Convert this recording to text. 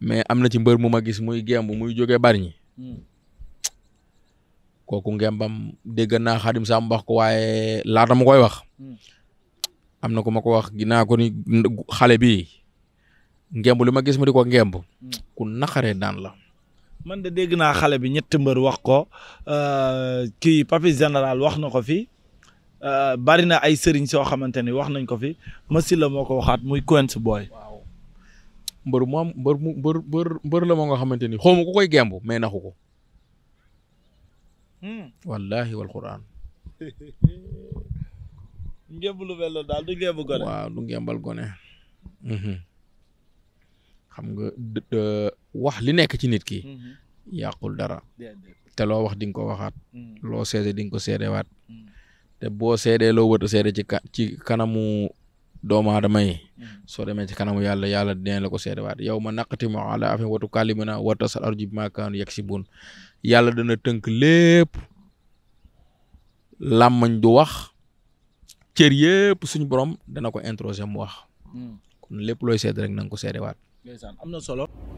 mais am na ci mbër mu ma gis muy gemb muy jógee bari ñi hmm. kooku ngembam dégg naa xadim sam wax ko waaye laata mu koy wax hmm. am na ku ma ko wax ginaa ko ni xale bi ngemb li ma gis ma di ko ngemb hmm. ku naqaree daan la man de dégg naa xale bi ñetti mbër wax ko euh, kii papi général wax na ko fi euh, bari na ay sëriñ soo xamante ni wax nañ ko fi Masila moo ko waxaat muy Quench Boy. mbër mu am mbër mu la moo nga xamante ni xawma ku koy gemb mais naxu ko. Hmm. wallahi wal quran lu mel noonu du ngemb gone. du ngembal gone. Mhm. xam nga wax li nekk ci nit ki. Mhm. yàqul dara. te loo wax di ko waxaat. Hmm. loo seede di nga ko seedewaat. Hmm. te boo seedee loo wër a ci kanamu doomu aadama yi mm-hmm. soo demee ci kanamu yàlla yàlla dina la ko seedewaat yow ma naqatimu ala afin watu kalimina wa tasal arju bima kaanu yaksibun yàlla dana tënk lépp làmmañ du wax cër yëpp suñu borom dana ko introsé mu wax mm-hmm. kon lépp looy seede rek na nga ko seedewaat. am